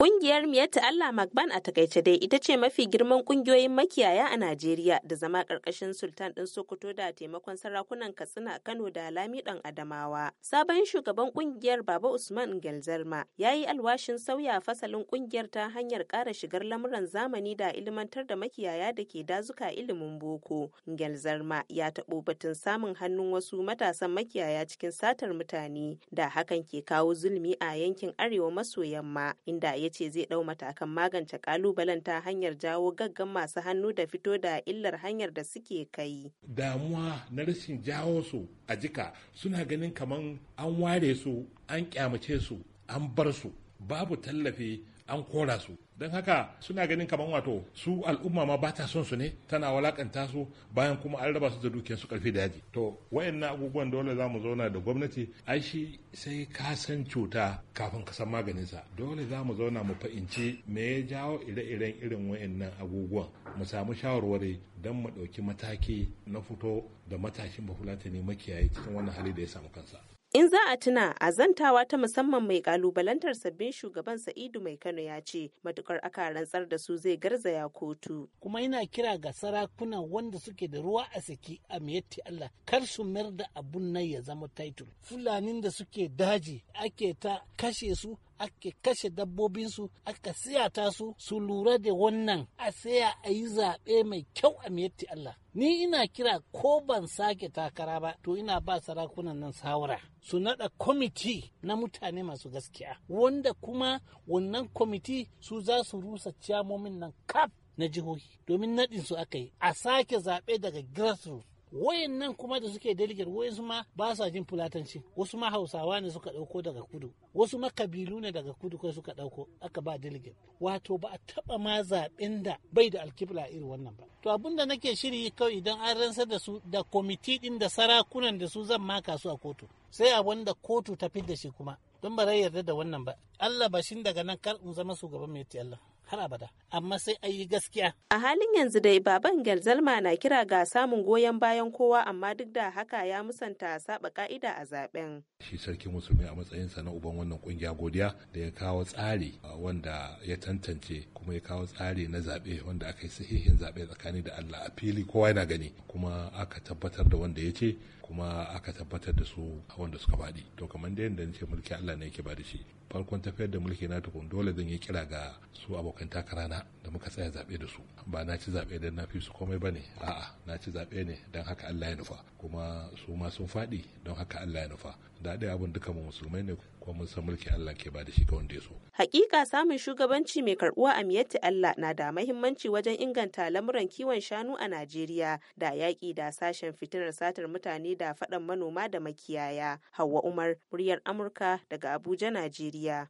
Kungiyar Miyatta Allah Magban a takaice dai ita ce mafi girman kungiyoyin makiyaya a Najeriya da zama karkashin Sultan ɗin Sokoto da taimakon sarakunan Katsina Kano da lami Lamiɗan Adamawa. Sabon shugaban kungiyar Baba Usman Gelzarma ya yi alwashin sauya fasalin kungiyar ta hanyar ƙara shigar lamuran zamani da ilimantar da makiyaya da ke dazuka ilimin boko. Gelzarma ya taɓo batun samun hannun wasu matasan makiyaya cikin satar mutane da hakan ke kawo zulmi a yankin arewa maso yamma inda ya ya ce zai ɗau matakan magance ƙalubalen ta hanyar jawo gaggan masu hannu da fito da illar hanyar da suke kai. Damuwa na rashin jawo su a jika suna ganin kaman an ware su, an kyamace su, an bar su, babu tallafi an kora su. don haka suna ganin kamar wato su al'umma ma ba ta son su ne tana walakanta su bayan kuma an raba su da dukiyar su karfi da yaji to wayannan abubuwan dole za mu zauna da gwamnati ai shi sai ka san cuta kafin ka san maganin sa dole za mu zauna mu fahimci me ya jawo ire-iren irin wayannan abubuwan mu samu shawarwari don mu ɗauki mataki na fito da matashin ne makiyayi cikin wannan hali da ya samu kansa In za a tuna a zantawa ta musamman mai kalubalantar sabbin shugaban Sa'idu mai Kano ya ce dokar aka rantsar da su zai garzaya kotu. Kuma yana kira ga sarakuna wanda suke da ruwa a saki a miyatti Allah kar su mayar da abun nan ya zama title. Fulanin da suke daji ake ta kashe su ake kashe dabbobinsu aka siyata su su lura da wannan a saya a yi zaɓe mai kyau a miyatti Allah ni ina kira ko ban sake takara ba to ina ba sarakunan nan sawara su naɗa kwamiti na mutane masu gaskiya wanda kuma wannan kwamiti su za su rusa ciyamomin nan kaf na jihohi domin naɗin aka yi a sake zaɓe daga grassroots wayan nan kuma da suke wayan su ma ba sa jin fulatanci wasu ma hausawa ne suka dauko daga kudu wasu ma kabilu ne daga kudu kai suka dauko aka ba delegate wato ba a taɓa ma zaben da bai da alkibla iri wannan ba to abin da nake shiri kawai idan an rantsar da su da kwamiti ɗin da sarakunan da su zan maka su a kotu sai a wanda kotu ta fidda shi kuma don ba yarda da wannan ba Allah ba bashin daga nan kar in zama shugaban mai Allah. har abada amma sai a yi gaskiya. A halin yanzu dai baban galzalma na kira ga samun goyon bayan kowa amma duk da haka ya musanta saba ka'ida a zaben. Shi sarkin musulmi a matsayinsa na uban wannan kungiya godiya da ya kawo tsari wanda ya tantance kuma ya kawo tsari na zaɓe wanda aka yi sahihin zaɓe tsakani da Allah a fili kowa yana gani kuma aka tabbatar da wanda ya ce kuma aka tabbatar da su wanda suka faɗi to kamar da yadda nace mulki Allah ne yake ba da shi farkon tafiyar da mulki na tukun dole zan yi kira ga su abokan takara na da muka tsaya zaɓe da su ba na ci zaɓe don na fi su komai ba ne a'a na ci zaɓe ne don haka Allah ya nufa kuma su ma sun faɗi don haka Allah ya nufa da ɗaya abin duka mu musulmai ne kuma mun san mulki Allah ke ba da shi ga wanda ya so. Hakika samun shugabanci mai karɓuwa a miyatti Allah na da mahimmanci wajen inganta lamuran kiwon shanu a Najeriya da yaƙi da sashen fitinar satar mutane da faɗan manoma da makiyaya. Hauwa Umar, muryar Amurka daga Abuja, Najeriya. media